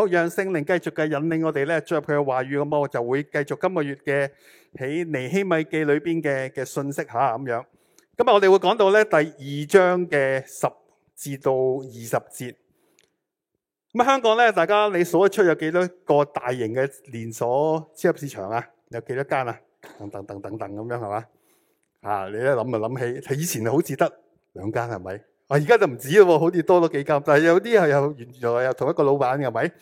好讓聖靈繼續嘅引領我哋咧，進入佢嘅話語，咁我就會繼續今個月嘅喺尼希米記裏邊嘅嘅信息吓咁、啊、樣。咁啊，我哋會講到咧第二章嘅十至到二十節。咁、嗯、香港咧，大家你數得出有幾多個大型嘅連鎖超級市場啊？有幾多間啊？等等等等等咁樣係嘛？啊，你一諗就諗起，以前好似得兩間係咪？是我而家就唔止咯，好似多咗幾間，但係有啲係有原來來又同一個老闆嘅，係咪？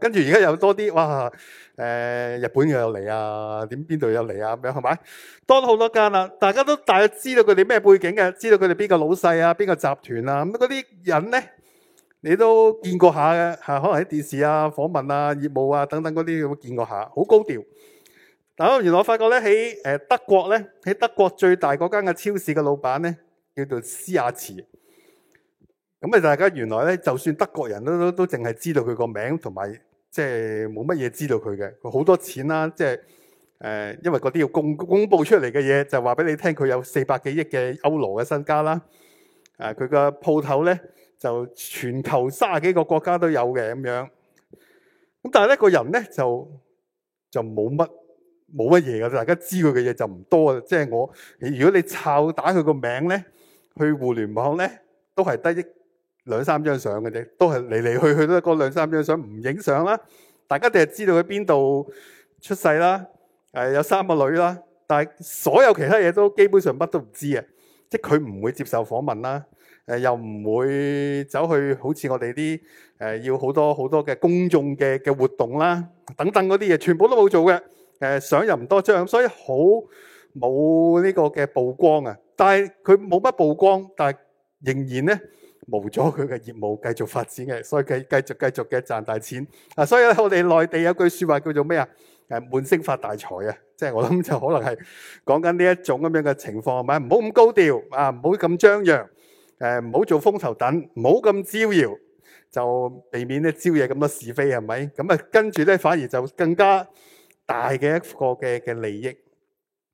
跟住而家又多啲哇！誒、呃，日本又又嚟啊，點邊度又嚟啊？咁樣係咪多咗好多間啦？大家都大約知道佢哋咩背景嘅，知道佢哋邊個老細啊，邊個集團啊咁嗰啲人咧，你都見過下嘅吓，可能喺電視啊、訪問啊、業務啊等等嗰啲咁見過下，好高調。但我原來我發覺咧，喺德國咧，喺德國最大嗰間嘅超市嘅老闆咧，叫做施亞茨。咁啊，大家原來咧，就算德國人都都都淨係知道佢個名，同埋即係冇乜嘢知道佢嘅。佢好多錢啦，即係誒，因為嗰啲要公公佈出嚟嘅嘢，就話俾你聽，佢有四百幾億嘅歐羅嘅身家啦。誒、啊，佢個鋪頭咧就全球三十幾個國家都有嘅咁樣。咁但係咧，個人咧就就冇乜冇乜嘢嘅。大家知佢嘅嘢就唔多啦。即係我如果你抄打佢個名咧，去互聯網咧都係得益。兩三張相嘅啫，都係嚟嚟去去，都係嗰兩三張相，唔影相啦。大家淨係知道佢邊度出世啦，係有三個女啦，但係所有其他嘢都基本上乜都唔知啊。即係佢唔會接受訪問啦，誒又唔會走去好似我哋啲誒要好多好多嘅公眾嘅嘅活動啦，等等嗰啲嘢，全部都冇做嘅。誒，相又唔多張，所以好冇呢個嘅曝光啊。但係佢冇乜曝光，但係仍然咧。無咗佢嘅業務，繼續發展嘅，所以繼繼續繼續嘅賺大錢。啊，所以咧，我哋內地有句說話叫做咩啊？誒，滿星發大財啊！即係我諗就可能係講緊呢一種咁樣嘅情況，係咪？唔好咁高調啊，唔好咁張揚，唔好做風頭等，唔好咁招搖，就避免咧招惹咁多是非，係咪？咁啊，跟住咧反而就更加大嘅一個嘅嘅利益。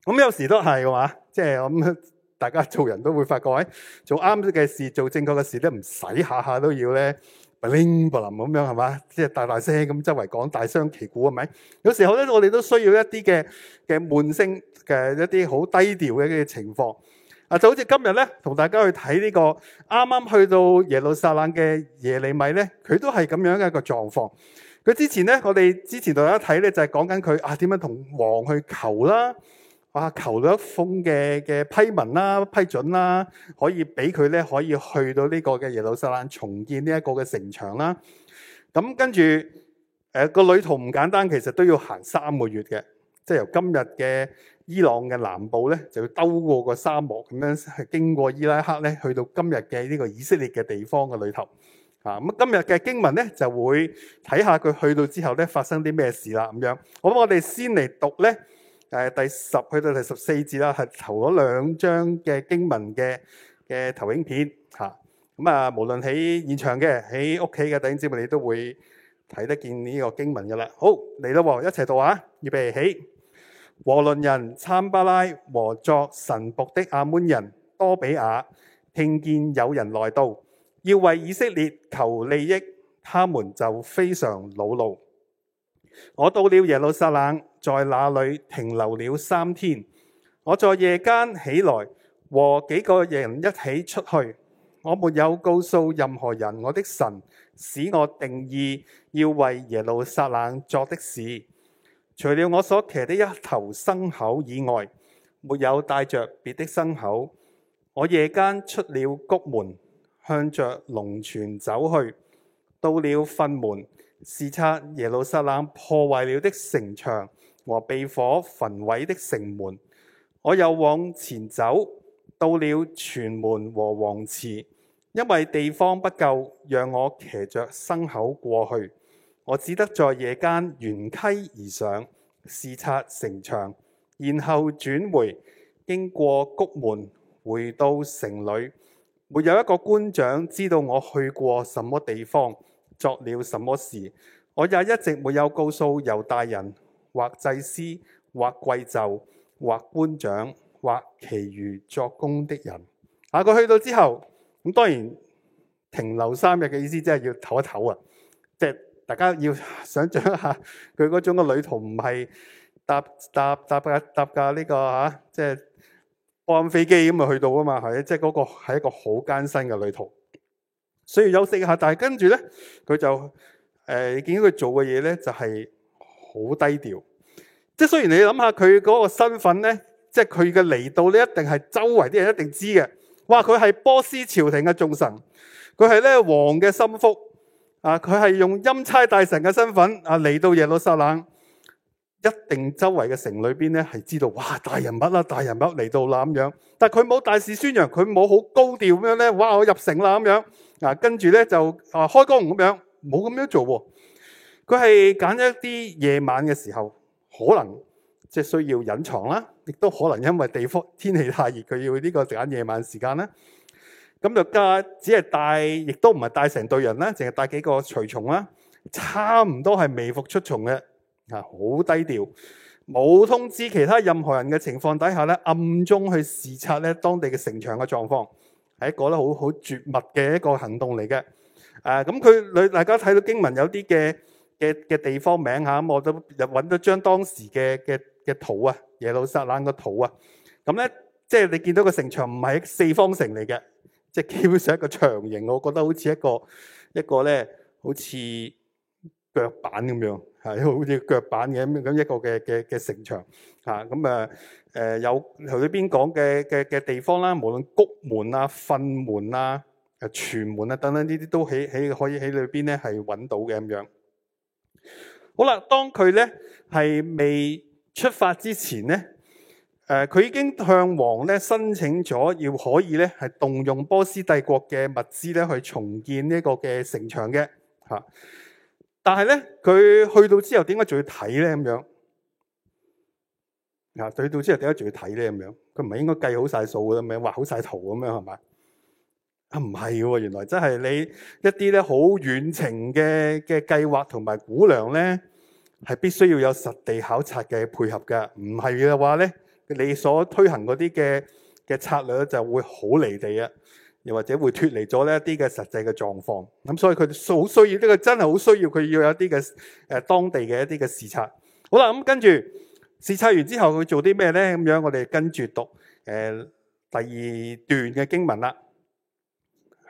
咁有時都係嘅話，即係咁。就是大家做人都會發覺，做啱嘅事、做正確嘅事咧，唔使下下都要咧 bling bling 咁樣係嘛？即係大大聲咁周圍講大聲旗鼓係咪？有時候咧，我哋都需要一啲嘅嘅悶聲嘅一啲好低調嘅嘅情況。啊，就好似今日咧，同大家去睇呢、這個啱啱去到耶路撒冷嘅尼希米咧，佢都係咁樣嘅一個狀況。佢之前咧，我哋之前同大家睇咧，就係講緊佢啊點樣同王去求啦。啊！求咗一封嘅嘅批文啦，批准啦，可以俾佢咧，可以去到呢個嘅耶路撒冷重建呢一個嘅城牆啦。咁跟住，誒、呃、個旅途唔簡單，其實都要行三個月嘅，即係由今日嘅伊朗嘅南部咧，就要兜過個沙漠咁樣，係經過伊拉克咧，去到今日嘅呢個以色列嘅地方嘅旅途。啊，咁今日嘅經文咧，就會睇下佢去到之後咧，發生啲咩事啦。咁樣，咁我哋先嚟讀咧。誒第十去到第十四節啦，係投咗兩張嘅經文嘅嘅投影片嚇。咁啊，無論喺現場嘅，喺屋企嘅弟兄姊妹你都會睇得見呢個經文嘅啦。好嚟啦，一齊讀啊！預備起，和倫人參巴拉和作神僕的亞捫人多比亞，聽見有人來到，要為以色列求利益，他們就非常惱怒。我到了耶路撒冷，在那裡停留了三天。我在夜間起來，和幾個人一起出去。我沒有告訴任何人我的神使我定意要為耶路撒冷作的事。除了我所騎的一頭牲口以外，沒有帶着別的牲口。我夜間出了谷門，向着龍泉走去，到了糞門，視察耶路撒冷破壞了的城牆。和被火焚毀的城門，我又往前走，到了泉門和王池。因為地方不夠，讓我騎着牲口過去。我只得在夜間沿溪而上，視察城牆，然後轉回，經過谷門回到城裏。沒有一個官長知道我去過什麼地方，作了什麼事。我也一直沒有告訴猶大人。或祭司，或貴胄，或官長，或其餘作工的人。啊，佢去到之後，咁當然停留三日嘅意思就是要一，即係要唞一唞啊！即係大家要想象一下，佢嗰種嘅旅途唔係搭搭搭架搭架呢個吓，即、啊、係、就是、按飛機咁啊去到噶嘛，係？即係嗰個係一個好艱辛嘅旅途，所以休息下。但係跟住咧，佢就誒、呃，見到佢做嘅嘢咧，就係、是。好低調，即係雖然你諗下佢嗰個身份咧，即係佢嘅嚟到咧，一定係周圍啲人一定知嘅。哇！佢係波斯朝廷嘅眾臣，佢係咧王嘅心腹啊！佢係用欽差大臣嘅身份啊嚟到耶路撒冷，一定周圍嘅城裏邊咧係知道哇大人物啦，大人物嚟、啊、到啦咁樣。但係佢冇大肆宣揚，佢冇好高調咁樣咧。哇！我入城啦咁樣嗱，跟住咧就啊開江咁樣，冇、啊、咁、啊、樣,樣做喎。佢係揀一啲夜晚嘅時候，可能即係需要隱藏啦，亦都可能因為地方天氣太熱，佢要呢個時間夜晚時間啦。咁就加只係帶，亦都唔係帶成隊人啦，淨係帶幾個隨從啦，差唔多係微服出從嘅啊，好低調，冇通知其他任何人嘅情況底下咧，暗中去視察咧當地嘅城牆嘅狀況，係一個咧好好絕密嘅一個行動嚟嘅。咁、啊、佢大家睇到經文有啲嘅。嘅嘅地方名嚇，咁我都又揾到張當時嘅嘅嘅圖啊，耶路撒冷個圖啊，咁咧即係你見到個城牆唔係四方城嚟嘅，即係基本上一個長形，我覺得好似一個一個咧好似腳板咁樣係好似腳板嘅咁咁一個嘅嘅嘅城牆咁啊，有喺裏邊講嘅嘅嘅地方啦，無論谷門啊、糞門啊、誒泉門啊等等呢啲都喺喺可以喺裏邊咧係揾到嘅咁樣。好啦，當佢咧係未出發之前咧，誒、呃，佢已經向王咧申請咗，要可以咧係動用波斯帝國嘅物資咧去重建呢個嘅城牆嘅吓、啊。但係咧，佢去到之後，點解仲要睇咧咁樣？啊，去到之後點解仲要睇咧咁樣？佢唔係應該計好晒數㗎嘛？畫好晒圖咁樣係咪？啊，唔係喎！原來真係你一啲咧好遠程嘅嘅計劃同埋估量咧，係必須要有實地考察嘅配合嘅。唔係嘅話咧，你所推行嗰啲嘅嘅策略就會好離地啊，又或者會脫離咗呢一啲嘅實際嘅狀況。咁所以佢哋好需要呢個真係好需要佢要有啲嘅誒當地嘅一啲嘅視察。好啦，咁跟住視察完之後佢做啲咩咧？咁樣我哋跟住讀誒第二段嘅經文啦。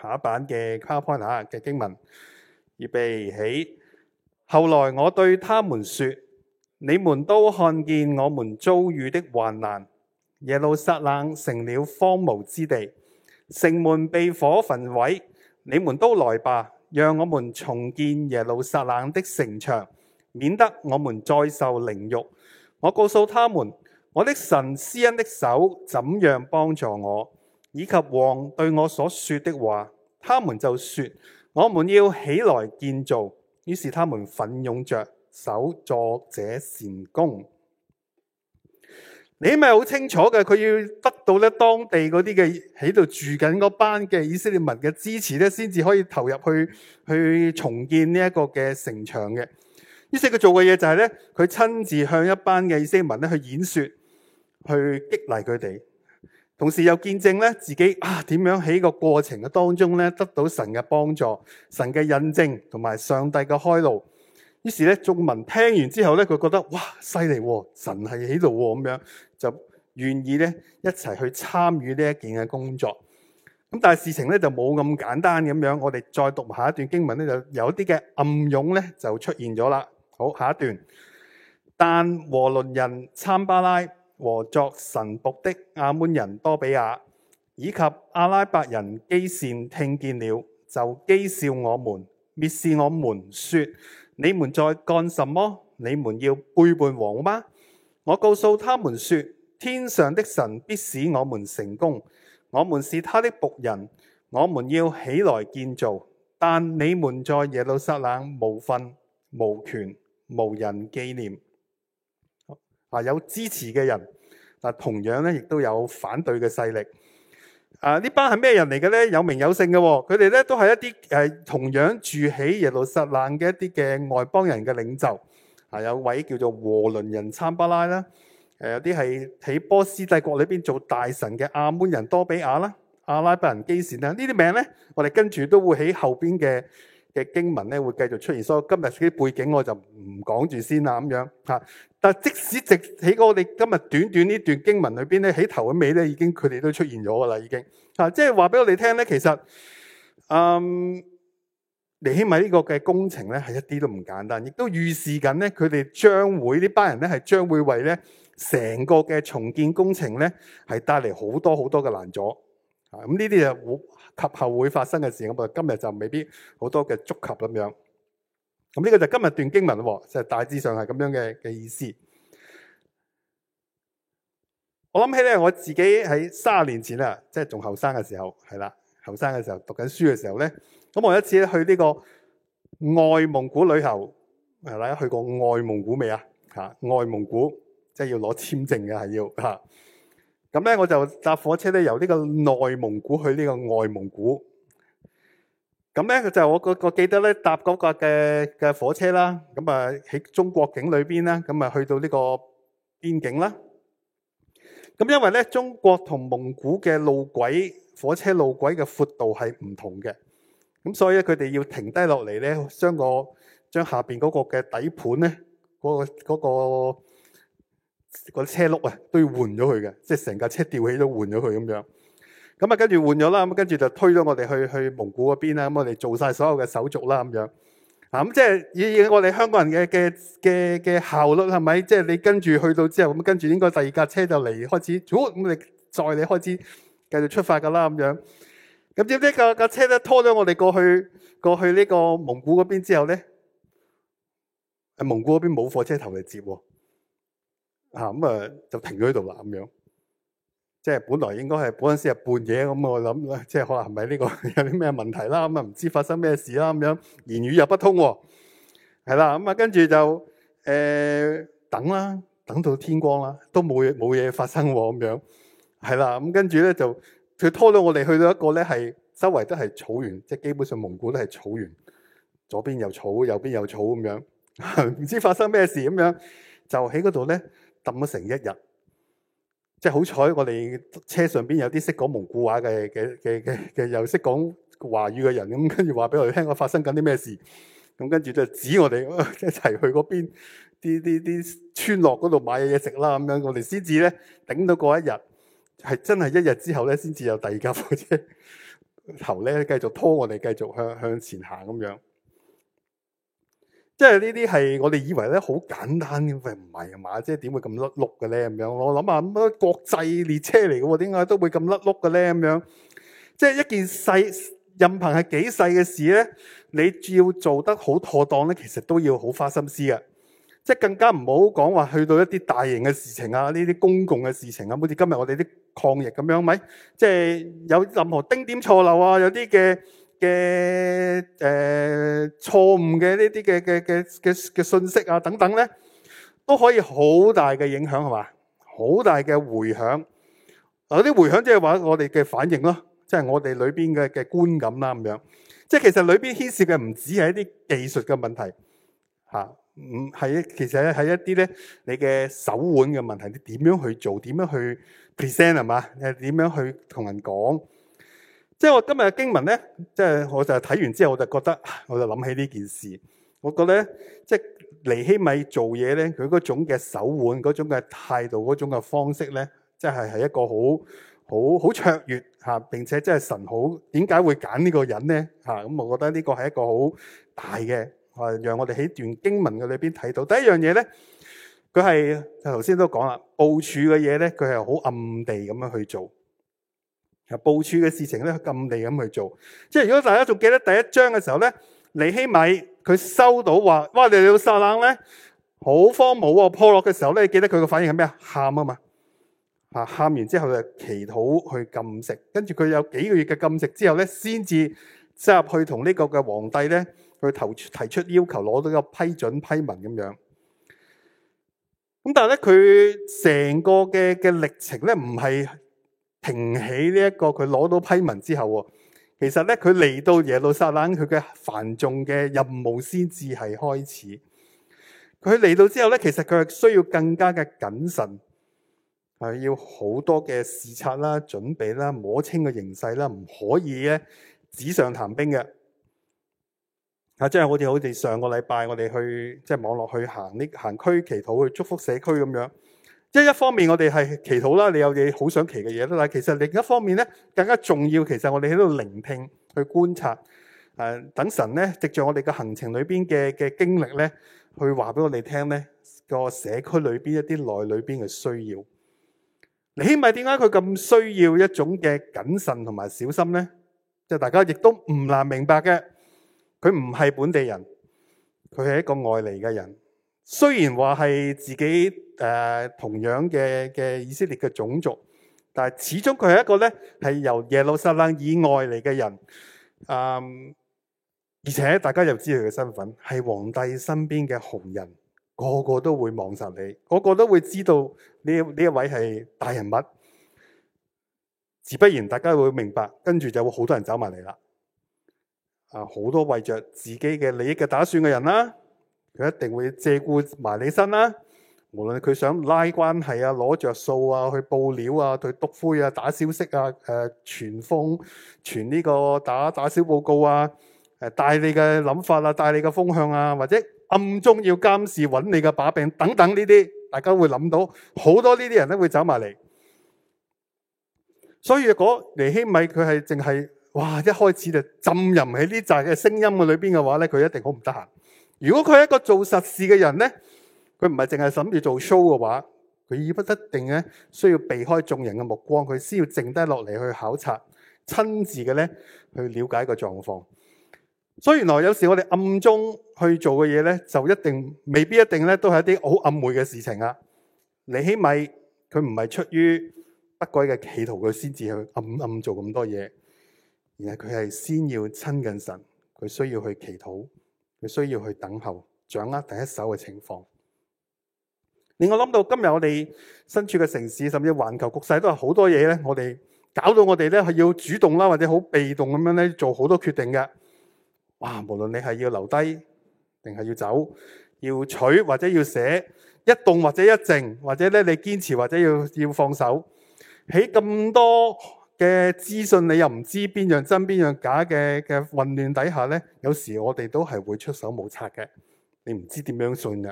下一版嘅卡 point 嘅經文，預備起。後來，我對他們說：你們都看見我們遭遇的患難，耶路撒冷成了荒蕪之地，城門被火焚毀。你們都來吧，讓我們重建耶路撒冷的城牆，免得我們再受凌辱。我告訴他們：我的神施恩的手，怎樣幫助我，以及王對我所說的話，他們就說：我們要起來建造。於是他們奮勇着手做這善工。你咪好清楚嘅，佢要得到咧當地嗰啲嘅喺度住緊嗰班嘅以色列民嘅支持咧，先至可以投入去去重建呢一個嘅城牆嘅。於是佢做嘅嘢就係、是、咧，佢親自向一班嘅以色列民咧去演說，去激勵佢哋。同時又見證咧自己啊點樣喺個過程嘅當中咧得到神嘅幫助、神嘅印證同埋上帝嘅開路。於是咧眾民聽完之後咧，佢覺得哇，犀利，神係喺度咁樣，就願意咧一齊去參與呢一件嘅工作。咁但係事情咧就冇咁簡單咁樣。我哋再讀下一段經文咧，就有啲嘅暗湧咧就出現咗啦。好，下一段。但和倫人參巴拉，和作神僕的亞捫人多比亞，以及阿拉伯人基善聽見了，就譏笑我們，蔑視我們，說：你們在幹什麼？你們要背叛王嗎？我告訴他們說：天上的神必使我們成功，我們是他的僕人，我們要起來建造。但你們在耶路撒冷無份、無權、無人紀念。話有支持嘅人，但同樣咧亦都有反對嘅勢力。啊，呢班係咩人嚟嘅咧？有名有姓嘅，佢哋咧都係一啲誒同樣住喺耶路撒冷嘅一啲嘅外邦人嘅領袖。啊，有位叫做和倫人參巴拉啦，誒有啲係喺波斯帝國裏邊做大臣嘅亞捫人多比雅啦，阿拉伯人基善啦。呢啲名咧，我哋跟住都會喺後邊嘅。嘅經文咧會繼續出現，所以今日啲背景我就唔講住先啦咁樣，但即使直喺我哋今日短短呢段經文裏邊咧，起頭嗰尾咧已經佢哋都出現咗噶啦，已經，即係話俾我哋聽咧，其實嗯尼希米呢個嘅工程咧係一啲都唔簡單，亦都預示緊咧佢哋將會呢班人咧係將會為咧成個嘅重建工程咧係帶嚟好多好多嘅難阻。啊！咁呢啲就會及後會發生嘅事，咁今日就未必好多嘅觸及咁樣。咁呢個就今日段經文喎，就大致上係咁樣嘅嘅意思。我諗起咧，我自己喺卅年前啊，即係仲後生嘅時候，係啦，後生嘅時候讀緊書嘅時候咧，咁我有一次咧去呢個外蒙古旅遊。係啦去過外蒙古未啊？嚇，外蒙古即係要攞簽證嘅，係要嚇咁咧我就搭火車咧由呢個內蒙古去呢個外蒙古。咁咧就我個我記得咧搭嗰個嘅嘅火車啦。咁啊喺中國境裏邊啦，咁啊去到呢個邊境啦。咁因為咧中國同蒙古嘅路軌火車路軌嘅闊度係唔同嘅，咁所以咧佢哋要停低落嚟咧將個將下面嗰個嘅底盤咧嗰個嗰個。嗰個嗰啲車轆啊都要換咗佢嘅，即係成架車吊起都換咗佢咁樣。咁啊跟住換咗啦，咁跟住就推咗我哋去去蒙古嗰邊啦。咁我哋做晒所有嘅手續啦咁樣。咁即係以我哋香港人嘅嘅嘅嘅效率係咪？即係、就是、你跟住去到之後，咁跟住應該第二架車就嚟開始，好咁你再你開始繼續出發噶啦咁樣。咁點知架架車咧拖咗我哋過去過去呢個蒙古嗰邊之後咧，喺蒙古嗰邊冇火車頭嚟接喎。啊咁啊就停咗喺度啦咁樣，即係本來應該係嗰陣時係半夜咁、嗯，我諗即係可能係咪呢個有啲咩問題啦？咁啊唔知發生咩事啦咁樣，言語又不通喎、哦，係啦咁啊跟住就誒、呃、等啦，等到天光啦，都冇嘢冇嘢發生喎咁樣，係啦咁跟住咧就佢拖到我哋去到一個咧係周圍都係草原，即係基本上蒙古都係草原，左邊有草，右邊有草咁樣，唔、嗯嗯、知發生咩事咁樣、嗯、就喺嗰度咧。抌咗成一日，即係好彩，我哋車上邊有啲識講蒙古話嘅嘅嘅嘅嘅，又識講華語嘅人，咁跟住話俾我哋聽，我發生緊啲咩事，咁跟住就指我哋一齊去嗰邊啲啲啲村落嗰度買嘢食啦，咁樣我哋先至咧頂到嗰一日，係真係一日之後咧先至有第二架火車頭咧繼續拖我哋繼續向向前行咁樣。即係呢啲係我哋以為咧好簡單嘅，唔係啊嘛！即係點會咁甩碌嘅咧咁樣？我諗下咁乜國際列車嚟嘅喎？點解都會咁甩碌嘅咧咁樣？即係一件細，任憑係幾細嘅事咧，你要做得好妥當咧，其實都要好花心思嘅。即係更加唔好講話去到一啲大型嘅事情啊，呢啲公共嘅事情啊，好似今日我哋啲抗疫咁樣，咪即係有任何丁點錯漏啊，有啲嘅。嘅誒、呃、錯誤嘅呢啲嘅嘅嘅嘅信息啊等等咧，都可以好大嘅影響係嘛，好大嘅回響。有啲回響即係話我哋嘅反應咯，即係我哋裏邊嘅嘅觀感啦咁樣。即係其實裏邊牽涉嘅唔止係一啲技術嘅問題吓，唔係一其實咧係一啲咧你嘅手腕嘅問題，你點樣去做，點樣去 present 係嘛，誒點樣去同人講。即係我今日嘅經文咧，即係我就睇完之後，我就覺得，我就諗起呢件事。我覺得，即係尼希米做嘢咧，佢嗰種嘅手腕，嗰種嘅態度，嗰種嘅方式咧，即係係一個好好好卓越吓，並且真係神好，點解會揀呢個人咧吓？咁我覺得呢個係一個好大嘅啊，讓我哋喺段經文嘅裏邊睇到第一樣嘢咧，佢係頭先都講啦，部署嘅嘢咧，佢係好暗地咁樣去做。部署嘅事情咧，禁地咁去做。即係如果大家仲記得第一章嘅時候咧，尼希米佢收到話：哇！耶路撒冷咧，好荒蕪啊！破落嘅時候咧，你記得佢個反應係咩啊？喊啊嘛！喊完之後就祈禱去禁食，跟住佢有幾個月嘅禁食之後咧，先至入去同呢個嘅皇帝咧去投提出要求，攞到一個批准批文咁樣。咁但係咧，佢成個嘅嘅歷程咧，唔係。平起呢、這、一個佢攞到批文之後，其實咧佢嚟到耶路撒冷，佢嘅繁重嘅任務先至係開始。佢嚟到之後咧，其實佢係需要更加嘅謹慎，係要好多嘅視察啦、準備啦、摸清個形勢啦，唔可以咧紙上談兵嘅。啊，即係好似好似上個禮拜我哋去即係網絡去行呢行區祈禱去祝福社區咁樣。即一方面我哋係祈禱啦，你有嘢好想祈嘅嘢啦。但其實另一方面咧，更加重要，其實我哋喺度聆聽、去觀察，誒，等神咧，藉着我哋嘅行程裏邊嘅嘅經歷咧，去話俾我哋聽咧，個社區裏邊一啲內裏邊嘅需要。你起碼點解佢咁需要一種嘅謹慎同埋小心咧？就大家亦都唔難明白嘅，佢唔係本地人，佢係一個外嚟嘅人。雖然話係自己誒、呃、同樣嘅嘅以色列嘅種族，但係始終佢係一個咧係由耶路撒冷以外嚟嘅人，嗯，而且大家又知道佢嘅身份係皇帝身邊嘅紅人，個個都會望實你，個個都會知道呢呢一位係大人物，自不然大家會明白，跟住就會好多人走埋嚟啦，啊，好多為着自己嘅利益嘅打算嘅人啦。佢一定會借故埋你身啦，無論佢想拉關係啊、攞着數啊、去報料啊、去篤灰啊、打消息啊、誒、呃、傳風傳呢個打打小報告啊、誒、呃、帶你嘅諗法啊、帶你嘅風向啊，或者暗中要監視揾你嘅把柄等等呢啲，大家會諗到好多呢啲人咧會走埋嚟。所以如果尼希米佢係淨係哇一開始就浸淫喺呢扎嘅聲音嘅裏邊嘅話咧，佢一定好唔得閒。如果佢係一個做實事嘅人咧，佢唔係淨係諗住做 show 嘅話，佢亦不一定咧需要避開眾人嘅目光，佢先要靜低落嚟去考察、親自嘅咧去了解個狀況。所以原來有時我哋暗中去做嘅嘢咧，就一定未必一定咧都係一啲好暗昧嘅事情啊！你起碼佢唔係出於不軌嘅企圖，佢先至去暗暗做咁多嘢，而係佢係先要親近神，佢需要去祈禱。你需要去等候，掌握第一手嘅情況。令我諗到今日我哋身處嘅城市，甚至環球局勢，都係好多嘢咧。我哋搞到我哋咧，係要主動啦，或者好被動咁樣咧，做好多決定嘅。哇！無論你係要留低，定係要走，要取或者要捨，一動或者一靜，或者咧你堅持或者要要放手，喺咁多嘅資訊你又唔知邊樣真邊樣假嘅嘅混亂底下咧，有時我哋都係會出手冇策嘅，你唔知點樣信嘅，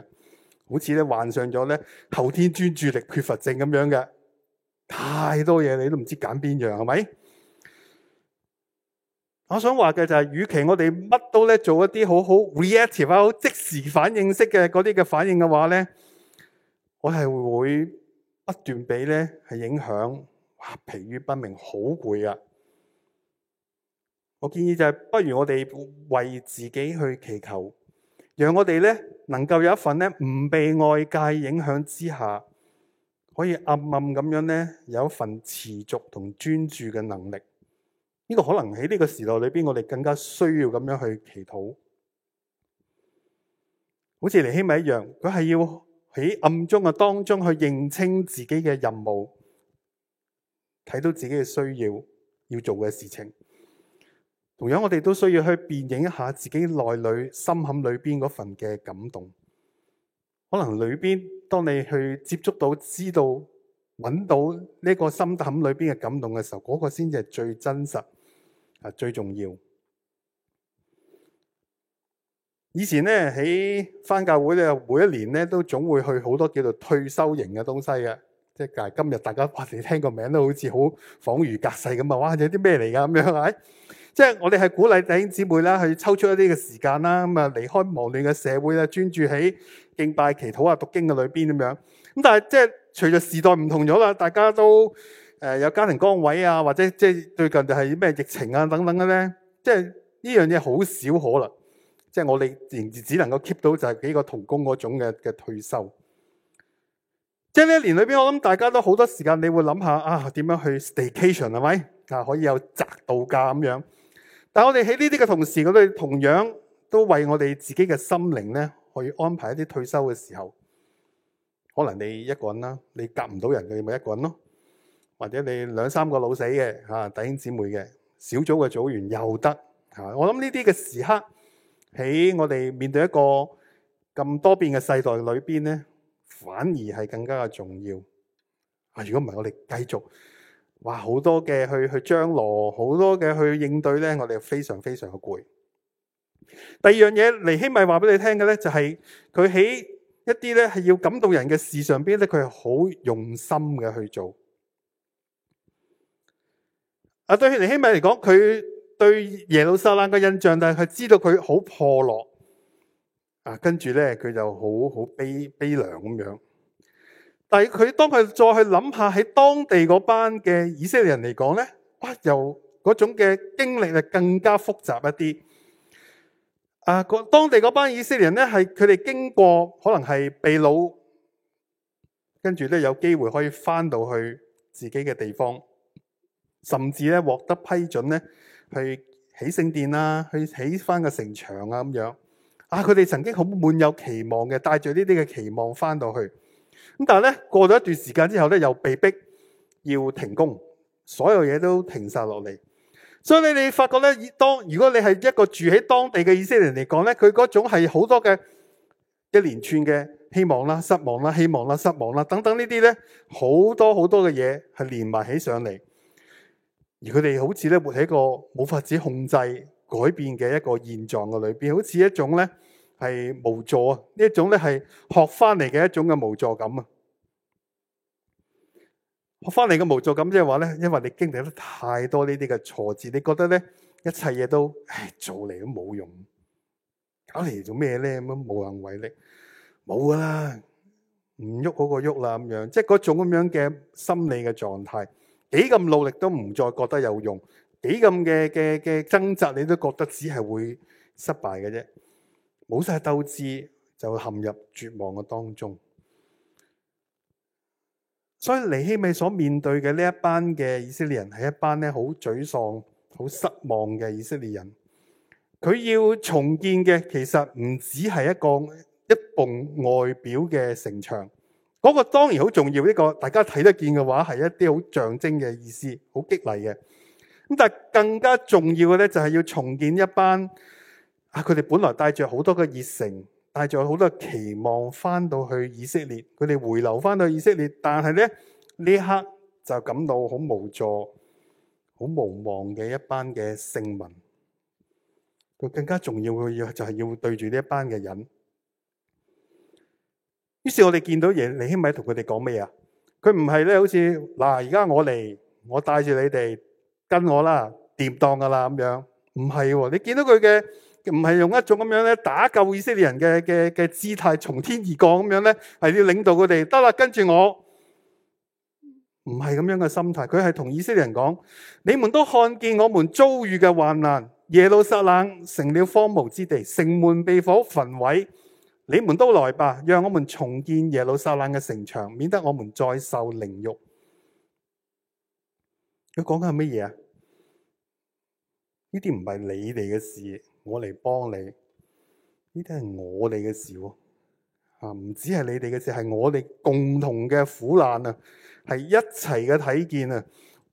好似咧患上咗咧後天專注力缺乏症咁樣嘅，太多嘢你都唔知揀邊樣係咪？我想話嘅就係，與其我哋乜都咧做一啲好好 reactive 啊，好即時反應式嘅嗰啲嘅反應嘅話咧，我係會不斷俾咧係影響。哇！疲於奔命好攰啊！我建議就係，不如我哋為自己去祈求，讓我哋咧能夠有一份咧唔被外界影響之下，可以暗暗咁樣咧有一份持續同專注嘅能力。呢個可能喺呢個時代裏邊，我哋更加需要咁樣去祈禱。好似尼希米一樣，佢係要喺暗中嘅當中去認清自己嘅任務。睇到自己嘅需要要做嘅事情，同樣我哋都需要去辨認一下自己內裏心坎裏邊嗰份嘅感動。可能裏邊當你去接觸到、知道、揾到呢個心坎裏邊嘅感動嘅時候，嗰個先至係最真實啊，最重要。以前咧喺返教會咧，每一年咧都總會去好多叫做退修營嘅東西嘅。即係今日大家哇，你聽個名都好似好恍如隔世咁啊！哇，有啲咩嚟㗎咁樣係？即 係我哋係鼓勵弟兄姊妹啦，去抽出一啲嘅時間啦，咁啊離開忙亂嘅社會啦，專注喺敬拜、祈禱啊、讀經嘅裏邊咁樣。咁但係即係隨住時代唔同咗啦，大家都誒有家庭崗位啊，或者即係最近就係咩疫情啊等等嘅咧。即係呢樣嘢好少可能。即係我哋仍然只能夠 keep 到就係幾個同工嗰種嘅嘅退修。即係一年裏邊，我諗大家都好多時間，你會諗下啊，點樣去 staycation 係咪？啊，可以有宅度假咁樣。但係我哋喺呢啲嘅同時，我哋同樣都為我哋自己嘅心靈咧，去安排一啲退休嘅時候，可能你一個人啦，你夾唔到人嘅你咪一個人咯，或者你兩三個老死嘅吓弟兄姊妹嘅小組嘅組員又得吓。我諗呢啲嘅時刻喺我哋面對一個咁多變嘅世代裏邊咧。反而係更加嘅重要。啊，如果唔係我哋繼續哇，好多嘅去去張羅，好多嘅去應對咧，我哋非常非常嘅攰。第二樣嘢，尼希米話俾你聽嘅咧，就係佢喺一啲咧係要感動人嘅事上邊咧，佢係好用心嘅去做。啊，對尼希米嚟講，佢對耶路撒冷嘅印象，但係佢知道佢好破落。啊，跟住咧，佢就好好悲悲涼咁樣。但係佢當佢再去諗下喺當地嗰班嘅以色列人嚟講咧，哇、啊，又嗰種嘅經歷係更加複雜一啲。啊，當地嗰班以色列人咧，係佢哋經過可能係被擄，跟住咧有機會可以翻到去自己嘅地方，甚至咧獲得批准咧去起聖殿啦，去起翻、啊、個城牆啊咁樣。啊！佢哋曾經好滿有期望嘅，帶住呢啲嘅期望翻到去，咁但係咧過咗一段時間之後咧，又被逼要停工，所有嘢都停晒落嚟。所以你哋發覺咧，當如果你係一個住喺當地嘅以色列人嚟講咧，佢嗰種係好多嘅一連串嘅希望啦、失望啦、希望啦、失望啦等等呢啲咧，好多好多嘅嘢係連埋起上嚟，而佢哋好似咧活喺個冇法子控制。改變嘅一個現狀嘅裏邊，好似一種咧係無助啊，一種咧係學翻嚟嘅一種嘅無助感啊。學翻嚟嘅無助感，即係話咧，因為你經歷得太多呢啲嘅挫折，你覺得咧一切嘢都唉，做嚟都冇用，搞嚟做咩咧咁樣，無能為力，冇噶啦，唔喐嗰個喐啦咁樣，即係嗰種咁樣嘅心理嘅狀態，幾咁努力都唔再覺得有用。幾咁嘅嘅嘅掙扎，你都覺得只係會失敗嘅啫，冇晒鬥志就會陷入絕望嘅當中。所以尼希米所面對嘅呢一班嘅以色列人係一班咧好沮喪、好失望嘅以色列人。佢要重建嘅其實唔只係一個一棟外表嘅城牆，嗰個當然好重要，一個大家睇得見嘅話，係一啲好象徵嘅意思，好激勵嘅。咁但係更加重要嘅咧，就係要重建一班啊！佢哋本來帶着好多嘅熱誠，帶着好多期望，翻到去以色列，佢哋回流翻到以色列，但係咧呢一刻就感到好無助、好無望嘅一班嘅聖民。佢更加重要嘅就係要對住呢一班嘅人。於是我哋見到嘢，尼希米同佢哋講咩啊？佢唔係咧，好似嗱，而家我嚟，我帶住你哋。跟我啦，掂當噶啦咁樣，唔係，你見到佢嘅唔係用一種咁樣咧打救以色列人嘅嘅嘅姿態從天而降咁樣咧，係要領導佢哋得啦，跟住我唔係咁樣嘅心態，佢係同以色列人講：你們都看見我們遭遇嘅患難，耶路撒冷成了荒蕪之地，城門被火焚毀，你們都來吧，讓我們重建耶路撒冷嘅城牆，免得我們再受凌辱。佢講緊係乜嘢啊？呢啲唔係你哋嘅事，我嚟幫你。呢啲係我哋嘅事喎，啊，唔止係你哋嘅事，係我哋共同嘅苦難啊，係一齊嘅睇見啊。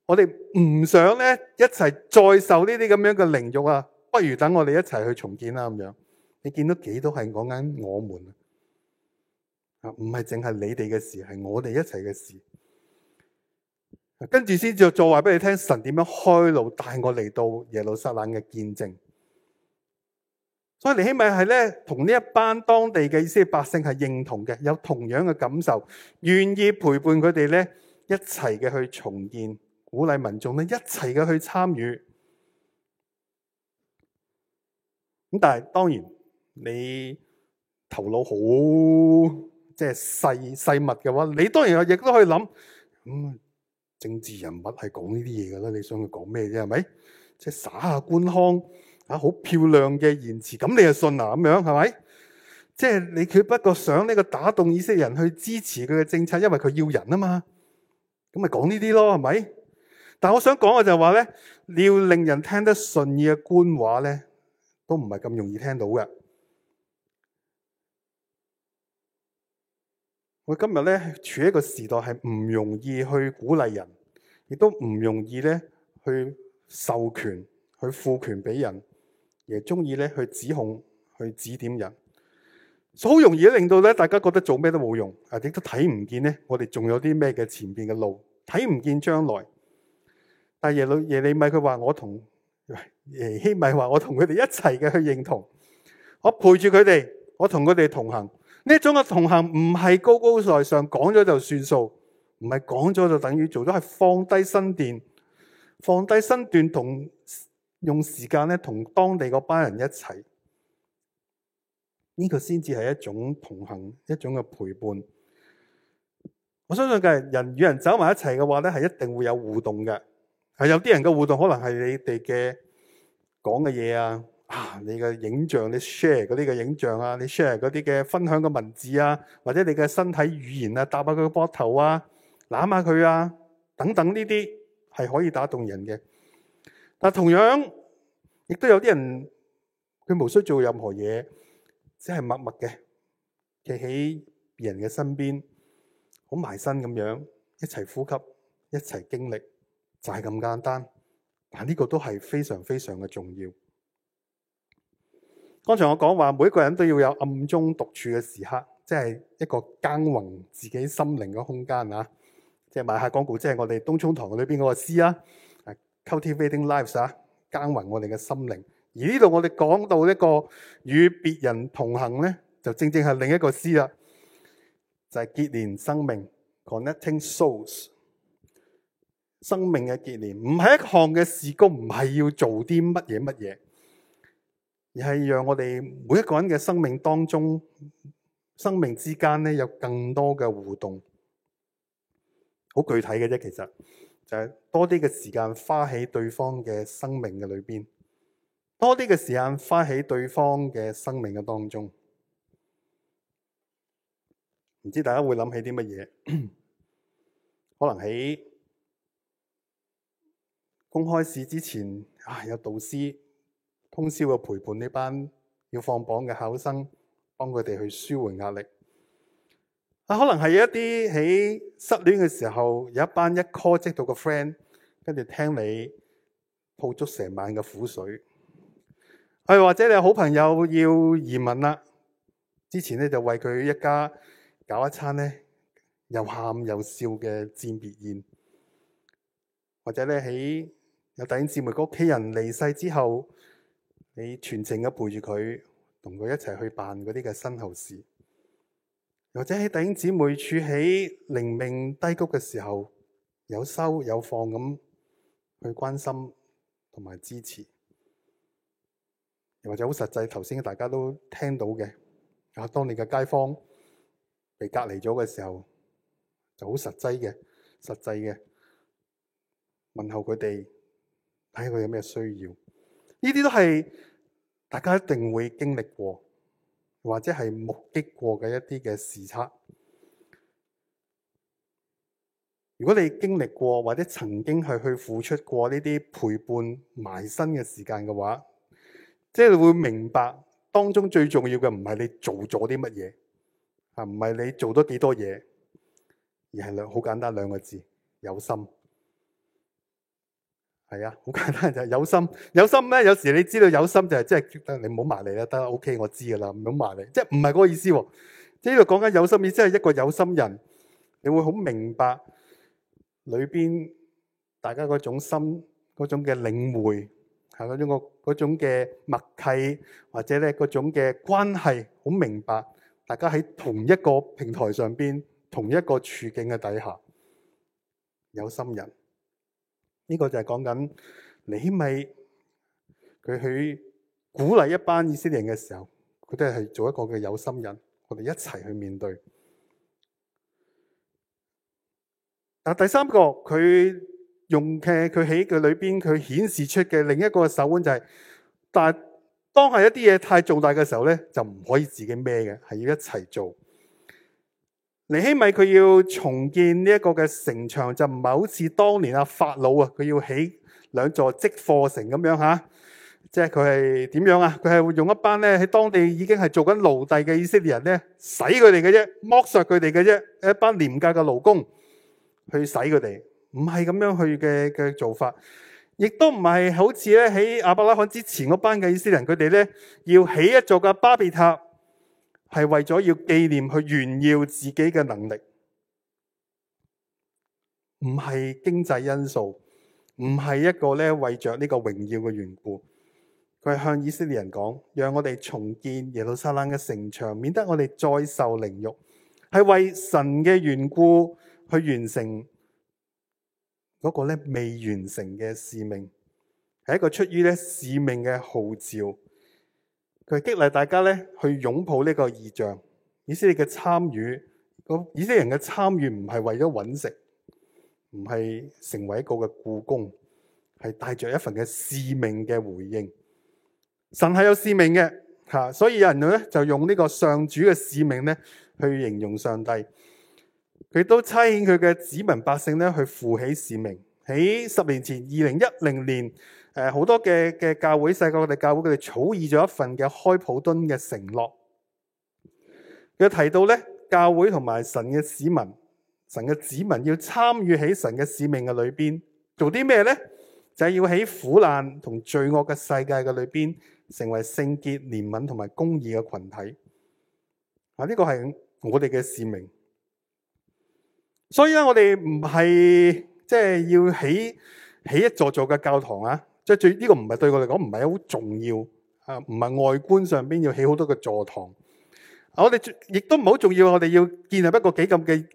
我哋唔想咧一齊再受呢啲咁樣嘅凌辱啊，不如等我哋一齊去重建啦咁樣。你見到幾多係講緊我們啊？唔係淨係你哋嘅事，係我哋一齊嘅事。跟住先至再話俾你聽神點樣開路帶我嚟到耶路撒冷嘅見證，所以你起碼係咧同呢一班當地嘅意思百姓係認同嘅，有同樣嘅感受，願意陪伴佢哋咧一齊嘅去重建，鼓勵民眾咧一齊嘅去參與。咁但係當然你頭腦好即係細細密嘅話，你當然亦都可以諗。政治人物係講呢啲嘢㗎啦，你想佢講咩啫？係咪即係耍下官腔啊？好漂亮嘅言辭，咁你就信喇？咁樣係咪？即係你佢不過想呢個打動以色列人去支持佢嘅政策，因為佢要人啊嘛。咁咪講呢啲咯，係咪？但係我想講嘅就係話咧，你要令人聽得順意嘅官話咧，都唔係咁容易聽到嘅。我今日咧處喺一個時代，係唔容易去鼓勵人，亦都唔容易咧去授權、去賦權俾人，而中意咧去指控、去指點人，好容易令到咧大家覺得做咩都冇用，亦都睇唔見咧我哋仲有啲咩嘅前面嘅路，睇唔見將來。但係耶利米佢話：我同耶希米話我同佢哋一齊嘅去認同，我陪住佢哋，我同佢哋同行。呢種嘅同行唔係高高在上講咗就算數，唔係講咗就等於做咗，係放低身段，放低身段同用時間咧同當地嗰班人一齊，呢個先至係一種同行，一種嘅陪伴。我相信嘅人與人走埋一齊嘅話咧，係一定會有互動嘅，係有啲人嘅互動可能係你哋嘅講嘅嘢啊。啊！你嘅影像，你 share 嗰啲嘅影像啊，你 share 嗰啲嘅分享嘅文字啊，或者你嘅身體語言啊，搭下佢個膊頭啊，攬下佢啊，等等呢啲係可以打動人嘅。但同樣亦都有啲人，佢無需做任何嘢，即係默默嘅企喺人嘅身邊，好埋身咁樣，一齊呼吸，一齊經歷，就係咁簡單。但呢個都係非常非常嘅重要。剛才我講話，每個人都要有暗中獨處嘅時刻，即係一個耕耘自己心靈嘅空間啊！即係買下廣告，即係我哋東涌堂裏邊嗰個詩啊，cultivating lives 啊，耕耘我哋嘅心靈。而呢度我哋講到一個與別人同行咧，就正正係另一個詩啦，就係結連生命，connecting souls，生命嘅結連，唔係一項嘅事工，唔係要做啲乜嘢乜嘢。而係讓我哋每一個人嘅生命當中，生命之間有更多嘅互動，好具體嘅啫。其實就係多啲嘅時間花喺對方嘅生命嘅裏邊，多啲嘅時間花喺對方嘅生命嘅當中。唔知大家會諗起啲乜嘢？可能喺公開試之前有導師。通宵嘅陪伴呢班要放榜嘅考生，幫佢哋去舒緩壓力。啊，可能係一啲喺失戀嘅時候，有一班一 call 即到嘅 friend，跟住聽你吐足成晚嘅苦水。啊，或者你有好朋友要移民啦，之前咧就為佢一家搞一餐咧又喊又笑嘅餞別宴。或者咧喺有弟兄姊妹嘅屋企人離世之後。你全程嘅陪住佢，同佢一齊去辦嗰啲嘅身後事，又或者喺弟兄姊妹處起靈命低谷嘅時候，有收有放咁去關心同埋支持，又或者好實際，頭先大家都聽到嘅，當你嘅街坊被隔離咗嘅時候，就好實際嘅，實際嘅問候佢哋，睇佢有咩需要。呢啲都係大家一定會經歷過，或者係目擊過嘅一啲嘅時差。如果你經歷過或者曾經係去付出過呢啲陪伴埋身嘅時間嘅話，即係你會明白當中最重要嘅唔係你做咗啲乜嘢，啊唔係你做咗幾多嘢，而係兩好簡單兩個字：有心。係啊，好簡單就係有心，有心咧，有時你知道有心就係即係，你唔好埋嚟啦，得啦，O K，我知㗎啦，唔好埋嚟。即係唔係嗰個意思。即係呢度講緊有心意，意即係一個有心人，你會好明白裏邊大家嗰種心，嗰種嘅領會，係嗰種個嗰種嘅默契，或者咧嗰種嘅關係，好明白大家喺同一個平台上邊，同一個處境嘅底下，有心人。呢、這個就係講緊尼希米佢去鼓勵一班以色列人嘅時候，佢都係做一個嘅有心人。我哋一齊去面對。嗱，第三個佢用嘅佢喺佢裏邊佢顯示出嘅另一個手腕就係、是，但係當係一啲嘢太重大嘅時候咧，就唔可以自己孭嘅，係要一齊做。尼希米佢要重建呢一個嘅城牆，就唔係好似當年阿法老啊，佢要起兩座積貨城咁樣吓，即係佢係點樣啊？佢係會用一班咧喺當地已經係做緊奴隸嘅以色列人咧，使佢哋嘅啫，剝削佢哋嘅啫，一班廉價嘅勞工去使佢哋，唔係咁樣去嘅嘅做法，亦都唔係好似咧喺亞伯拉罕之前嗰班嘅以色列人佢哋咧，要起一座嘅巴比塔。係為咗要紀念去炫耀自己嘅能力，唔係經濟因素，唔係一個咧為着呢個榮耀嘅緣故，佢係向以色列人講，讓我哋重建耶路撒冷嘅城牆，免得我哋再受凌辱。係為神嘅緣故去完成嗰個咧未完成嘅使命，係一個出於咧使命嘅號召。佢激勵大家咧去擁抱呢個意象，以色列嘅參與，以色列人嘅參與唔係為咗揾食，唔係成為一個嘅僱工，係帶着一份嘅使命嘅回應。神係有使命嘅吓，所以有人咧就用呢個上主嘅使命咧去形容上帝。佢都差遣佢嘅子民百姓咧去負起使命。喺十年前，二零一零年。誒，好多嘅嘅教會，世界各地教會，佢哋草擬咗一份嘅開普敦嘅承諾，佢提到咧，教會同埋神嘅子民，神嘅子民要參與喺神嘅使命嘅裏邊，做啲咩咧？就係、是、要喺苦難同罪惡嘅世界嘅裏邊，成為聖潔、憐憫同埋公義嘅群體。啊，呢個係我哋嘅使命。所以咧，我哋唔係即係要起起一座座嘅教堂啊！即係最呢個唔係，對我嚟講唔係好重要啊，唔係外觀上邊要起好多嘅座堂。我哋亦都唔好重要，我哋要建立一個幾咁嘅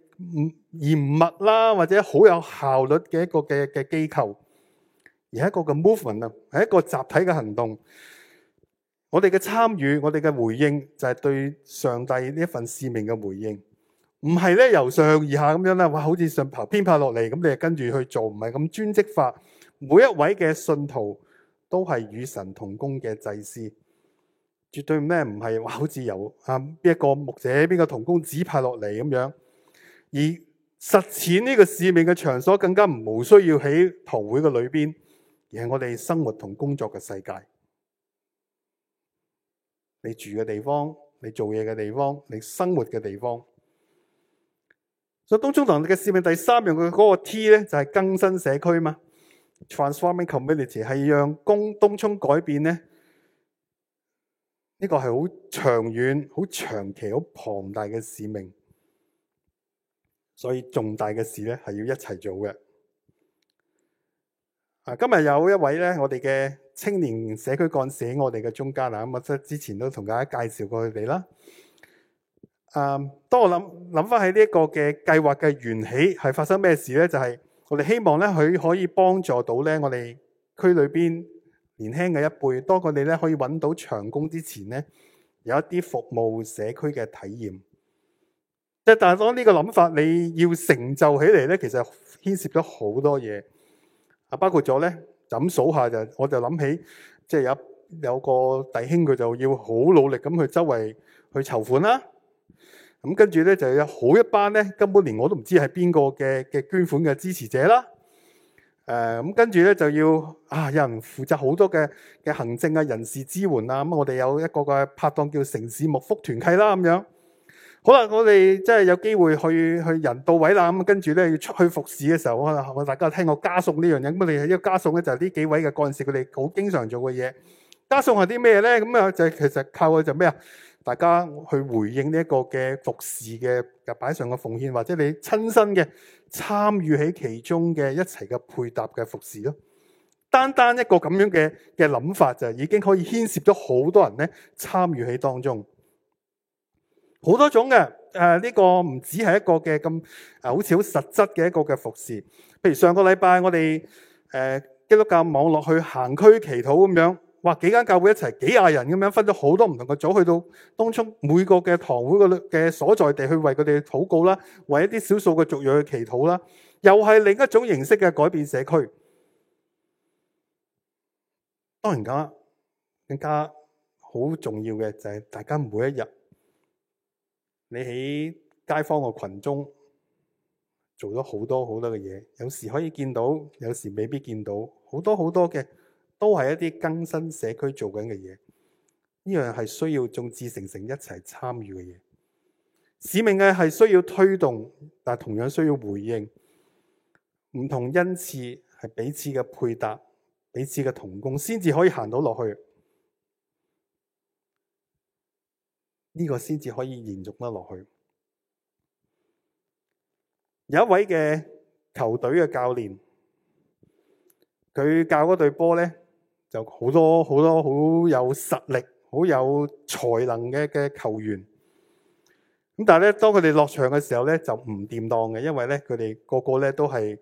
嚴密啦，或者好有效率嘅一個嘅嘅機構，而係一個嘅 movement 啊，係一個集體嘅行動。我哋嘅參與，我哋嘅回應，就係對上帝呢一份使命嘅回應，唔係咧由上而下咁樣咧，哇好似上頭編派落嚟咁，你就跟住去做，唔係咁專職法。每一位嘅信徒都係與神同工嘅祭司，絕對咩唔係話好似由啊，邊一個牧者邊個同工指派落嚟咁樣，而實踐呢個使命嘅場所更加唔冇需要喺堂會嘅裏邊，而係我哋生活同工作嘅世界，你住嘅地方，你做嘢嘅地方，你生活嘅地方。所以當中能力嘅使命第三樣嘅嗰個 T 咧，就係更新社區嘛。Transforming community 係讓公東涌改變咧，呢個係好長遠、好長期、好龐大嘅使命，所以重大嘅事咧係要一齊做嘅。啊，今日有一位咧，我哋嘅青年社區幹事喺我哋嘅中間啦，咁、嗯、我即係之前都同大家介紹過佢哋啦。啊，當我諗諗翻，喺呢一個嘅計劃嘅緣起係發生咩事咧，就係、是。我哋希望咧，佢可以幫助到咧，我哋區裏邊年輕嘅一輩，多個你咧可以揾到長工之前咧，有一啲服務社區嘅體驗。即係但係當呢個諗法，你要成就起嚟咧，其實牽涉咗好多嘢。啊，包括咗咧，就咁數下就，我就諗起，即係有有個弟兄佢就要好努力咁去周圍去籌款啦。咁跟住咧就有好一班咧，根本連我都唔知係邊個嘅嘅捐款嘅支持者啦。誒、呃，咁跟住咧就要啊，有人負責好多嘅嘅行政啊、人事支援啊。咁、嗯、我哋有一個個拍檔叫城市木福團契啦，咁樣好啦。我哋即係有機會去去人到位啦。咁、嗯、跟住咧要出去服事嘅時候我，我大家聽過加送呢樣嘢。咁你哋一加送咧就係、是、呢幾位嘅幹事，佢哋好經常做嘅嘢。加送係啲咩咧？咁啊就其實靠嘅就咩、是、啊？大家去回應呢一個嘅服侍嘅嘅擺上嘅奉獻，或者你親身嘅參與喺其中嘅一齊嘅配搭嘅服侍咯。單單一個咁樣嘅嘅諗法就已經可以牽涉咗好多人咧參與喺當中，好多種嘅誒，呢個唔只係一個嘅咁啊，好似好實質嘅一個嘅服侍，譬如上個禮拜我哋誒、啊、基督教網絡去行區祈禱咁樣。哇，幾間教會一齊，幾廿人咁樣分咗好多唔同嘅組，去到當初每個嘅堂會嘅嘅所在地，去為佢哋禱告啦，為一啲少數嘅族裔去祈禱啦，又係另一種形式嘅改變社區。當然講，更加好重要嘅就係大家每一日，你喺街坊嘅群中做咗好多好多嘅嘢，有時可以見到，有時未必見到，好多好多嘅。都係一啲更新社區做緊嘅嘢，呢樣係需要眾志成城一齊參與嘅嘢。使命嘅係需要推動，但係同樣需要回應。唔同恩賜係彼此嘅配搭，彼此嘅同工，先至可以行到落去。呢個先至可以延續得落去。有一位嘅球隊嘅教練，佢教嗰隊波咧。就好多好多好有實力、好有才能嘅嘅球員，咁但係咧，當佢哋落場嘅時候咧，就唔掂當嘅，因為咧佢哋個個咧都係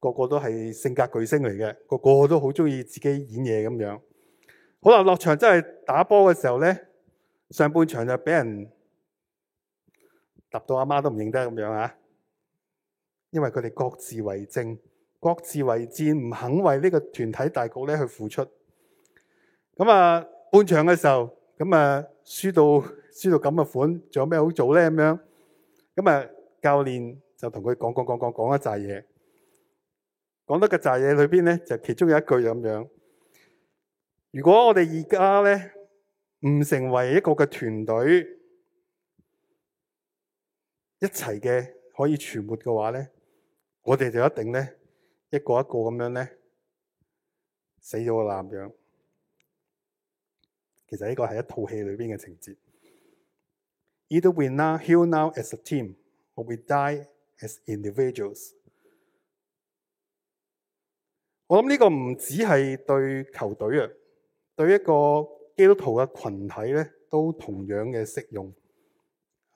個個都係性格巨星嚟嘅，個個都好中意自己演嘢咁樣。好啦，落場真係打波嘅時候咧，上半場就俾人揼到阿媽都唔認得咁樣啊！因為佢哋各自為政。各自為戰，唔肯為呢個團體大局咧去付出。咁啊，半場嘅時候，咁啊輸到輸到咁嘅款，仲有咩好做咧？咁樣，咁啊教練就同佢講講講講講一紮嘢，講得嘅紮嘢裏邊咧，就其中有一句咁樣：如果我哋而家咧唔成為一個嘅團隊一，一齊嘅可以存活嘅話咧，我哋就一定咧。一個一個咁樣咧死咗個男樣，其實呢個係一套戲裏邊嘅情節。Either we now heal now as a team, or we die as individuals，我諗呢個唔只係對球隊啊，對一個基督徒嘅羣體咧都同樣嘅適用。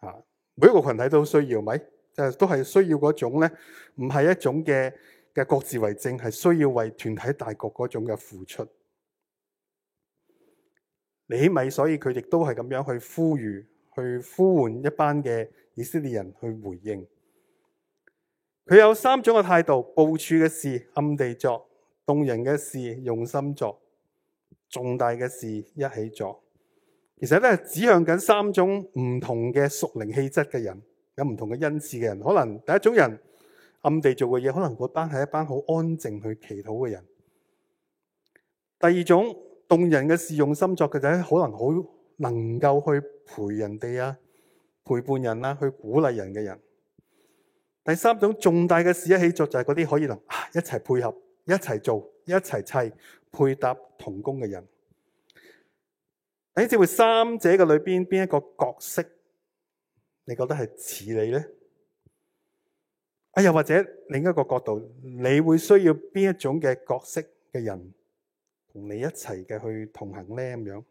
啊，每一個羣體都需要，咪？就係，都係需要嗰種咧，唔係一種嘅。嘅各自為政，係需要為團體大局嗰種嘅付出，尼希米，所以佢亦都係咁樣去呼籲、去呼喚一班嘅以色列人去回應。佢有三種嘅態度：部署嘅事暗地作，動人嘅事用心作，重大嘅事一起作。其實咧，指向緊三種唔同嘅屬靈氣質嘅人，有唔同嘅恩賜嘅人，可能第一種人。暗地做嘅嘢，可能嗰班係一班好安靜去祈禱嘅人。第二種動人嘅事，用心作嘅就係、是、可能好能夠去陪人哋啊，陪伴人啊，去鼓勵人嘅人。第三種重大嘅事，一起做就係嗰啲可以能一齊配合、一齊做、一齊砌、配搭同工嘅人。喺呢三者嘅裏邊，邊一個角色你覺得係似你咧？啊！又或者另一個角度，你會需要邊一種嘅角色嘅人同你一齊嘅去同行咧？咁樣，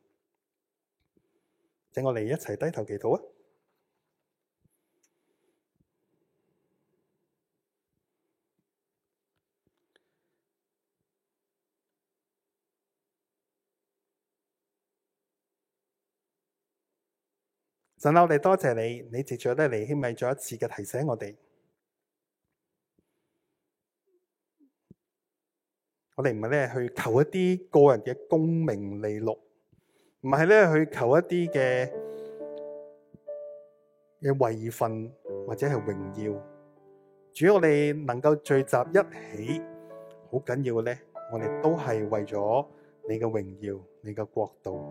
請我哋一齊低頭祈禱啊！神啊，我哋多謝你，你藉着咧嚟獻祭再一次嘅提醒我哋。我哋唔係咧去求一啲個人嘅功名利祿，唔係咧去求一啲嘅嘅位份或者係榮耀。只要我哋能夠聚集一起，好緊要嘅咧，我哋都係為咗你嘅榮耀、你嘅國度。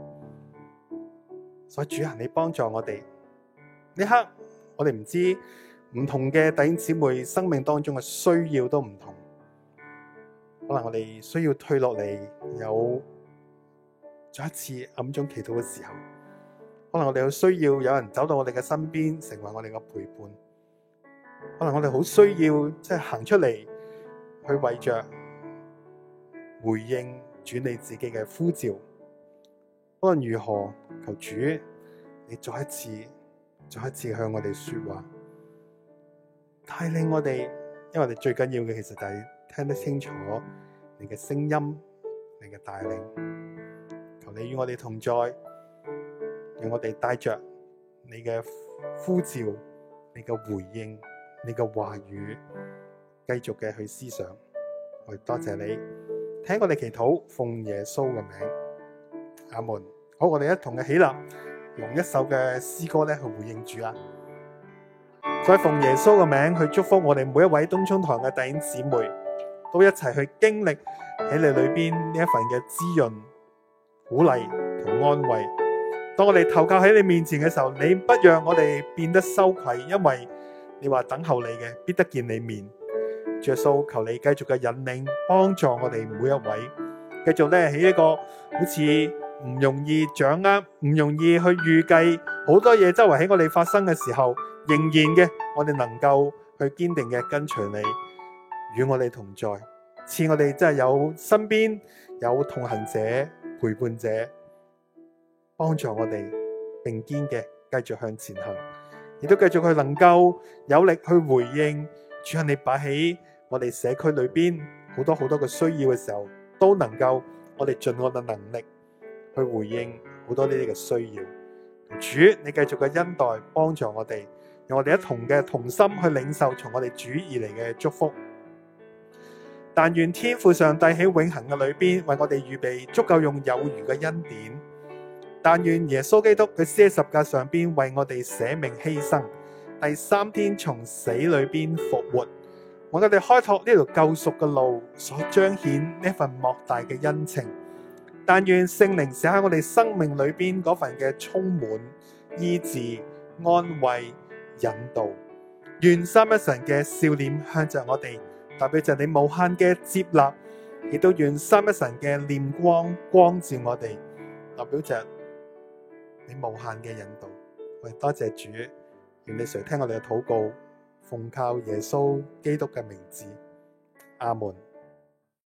所以主啊，你幫助我哋。呢刻我哋唔知唔同嘅弟兄姊妹生命當中嘅需要都唔同。可能我哋需要退落嚟，有再一次暗中祈禱嘅時候，可能我哋好需要有人走到我哋嘅身邊，成為我哋嘅陪伴。可能我哋好需要走，即係行出嚟去為着回應主你自己嘅呼召。不論如何，求主你再一次、再一次向我哋說話，帶領令我哋，因為我哋最緊要嘅其實就係。聽得清楚你嘅聲音，你嘅帶領，求你與我哋同在，讓我哋帶着你嘅呼召，你嘅回應，你嘅話語，繼續嘅去思想。我哋多謝你，聽我哋祈禱，奉耶穌嘅名，阿門。好，我哋一同嘅起立，用一首嘅詩歌咧去回應主啊！再奉耶穌嘅名去祝福我哋每一位東涌堂嘅弟兄姊妹。都一齊去經歷喺你裏邊呢一份嘅滋潤、鼓勵同安慰。當我哋投靠喺你面前嘅時候，你不讓我哋變得羞愧，因為你話等候你嘅必得見你面。耶穌，求你繼續嘅引領、幫助我哋每一位，繼續咧喺一個好似唔容易掌握、唔容易去預計好多嘢周圍喺我哋發生嘅時候，仍然嘅我哋能夠去堅定嘅跟隨你。與我哋同在，使我哋真係有身邊有同行者、陪伴者，幫助我哋並肩嘅繼續向前行，亦都繼續佢能夠有力去回應。主啊，你擺喺我哋社區裏邊好多好多嘅需要嘅時候，都能夠我哋盡我嘅能力去回應好多呢啲嘅需要。主，你繼續嘅恩待幫助我哋，讓我哋一同嘅同心去領受從我哋主而嚟嘅祝福。但願天父上帝喺永恒嘅裏邊為我哋預備足夠用有餘嘅恩典。但願耶穌基督佢喺十字架上邊為我哋捨命犧牲，第三天從死裏邊復活，為我哋開拓呢條救贖嘅路，所彰顯呢份莫大嘅恩情。但願聖靈寫喺我哋生命裏邊嗰份嘅充滿醫治、安慰、引導。願三一神嘅笑臉向着我哋，代表着你無限嘅接納，亦都願三一神嘅念光光照我哋。代表着你無限嘅引導。喂，多謝主，願你常聽我哋嘅禱告，奉靠耶穌基督嘅名字，阿門。